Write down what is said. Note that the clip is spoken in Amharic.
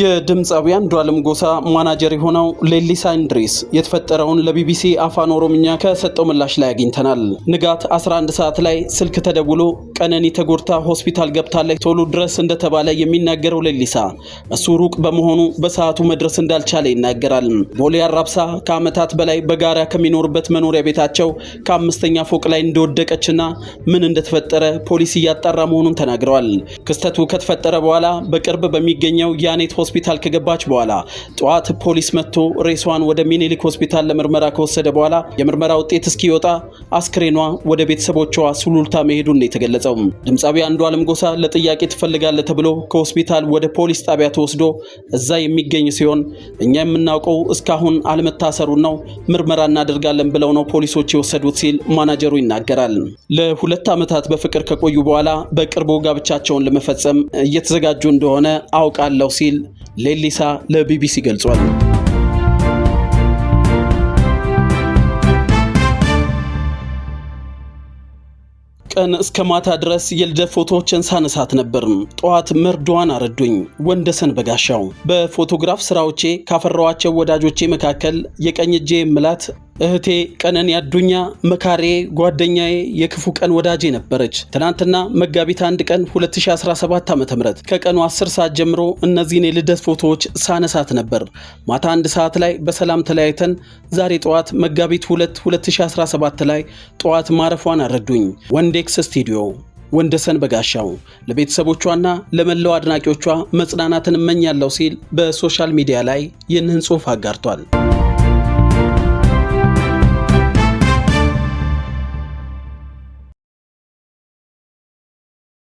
የድምፃውያን አንዷለም ጎሳ ማናጀር የሆነው ሌሊሳ እንድሪስ የተፈጠረውን ለቢቢሲ አፋን ኦሮምኛ ከሰጠው ምላሽ ላይ አግኝተናል። ንጋት 11 ሰዓት ላይ ስልክ ተደውሎ ቀነኒ ተጎድታ ሆስፒታል ገብታለች ቶሎ ድረስ እንደተባለ የሚናገረው ሌሊሳ እሱ ሩቅ በመሆኑ በሰዓቱ መድረስ እንዳልቻለ ይናገራል። ቦሌ አራብሳ ከዓመታት በላይ በጋራ ከሚኖርበት መኖሪያ ቤታቸው ከአምስተኛ ፎቅ ላይ እንደወደቀችና ምን እንደተፈጠረ ፖሊስ እያጣራ መሆኑን ተናግረዋል። ክስተቱ ከተፈጠረ በኋላ በቅርብ በሚገኘው ያኔ ሚኒሊክ ሆስፒታል ከገባች በኋላ ጠዋት ፖሊስ መጥቶ ሬሷን ወደ ሚኒሊክ ሆስፒታል ለምርመራ ከወሰደ በኋላ የምርመራ ውጤት እስኪወጣ አስክሬኗ ወደ ቤተሰቦቿ ሱሉልታ መሄዱን ነው የተገለጸው። ድምፃዊ አንዱዓለም ጎሳ ለጥያቄ ትፈልጋለህ ተብሎ ከሆስፒታል ወደ ፖሊስ ጣቢያ ተወስዶ እዛ የሚገኝ ሲሆን እኛ የምናውቀው እስካሁን አለመታሰሩን ነው፣ ምርመራ እናደርጋለን ብለው ነው ፖሊሶች የወሰዱት ሲል ማናጀሩ ይናገራል። ለሁለት ዓመታት በፍቅር ከቆዩ በኋላ በቅርቡ ጋብቻቸውን ለመፈጸም እየተዘጋጁ እንደሆነ አውቃለሁ ሲል ሌሊሳ ለቢቢሲ ገልጿል። ቀን እስከ ማታ ድረስ የልደት ፎቶዎችን ሳነሳት ነበርም። ጠዋት መርዶዋን አረዱኝ። ወንደሰን በጋሻው በፎቶግራፍ ስራዎቼ ካፈራዋቸው ወዳጆቼ መካከል የቀኝ እጄ ምላት እህቴ ቀነኒ አዱኛ መካሬ ጓደኛዬ የክፉ ቀን ወዳጄ ነበረች። ትናንትና መጋቢት አንድ ቀን 2017 ዓ ም ከቀኑ 10 ሰዓት ጀምሮ እነዚህን የልደት ፎቶዎች ሳነሳት ነበር። ማታ አንድ ሰዓት ላይ በሰላም ተለያይተን ዛሬ ጠዋት መጋቢት 2 2017 ላይ ጠዋት ማረፏን አረዱኝ። ወንዴክስ ስቱዲዮ ወንደሰን በጋሻው ለቤተሰቦቿና ለመላው አድናቂዎቿ መጽናናትን እመኛለሁ ሲል በሶሻል ሚዲያ ላይ ይህንን ጽሑፍ አጋርቷል።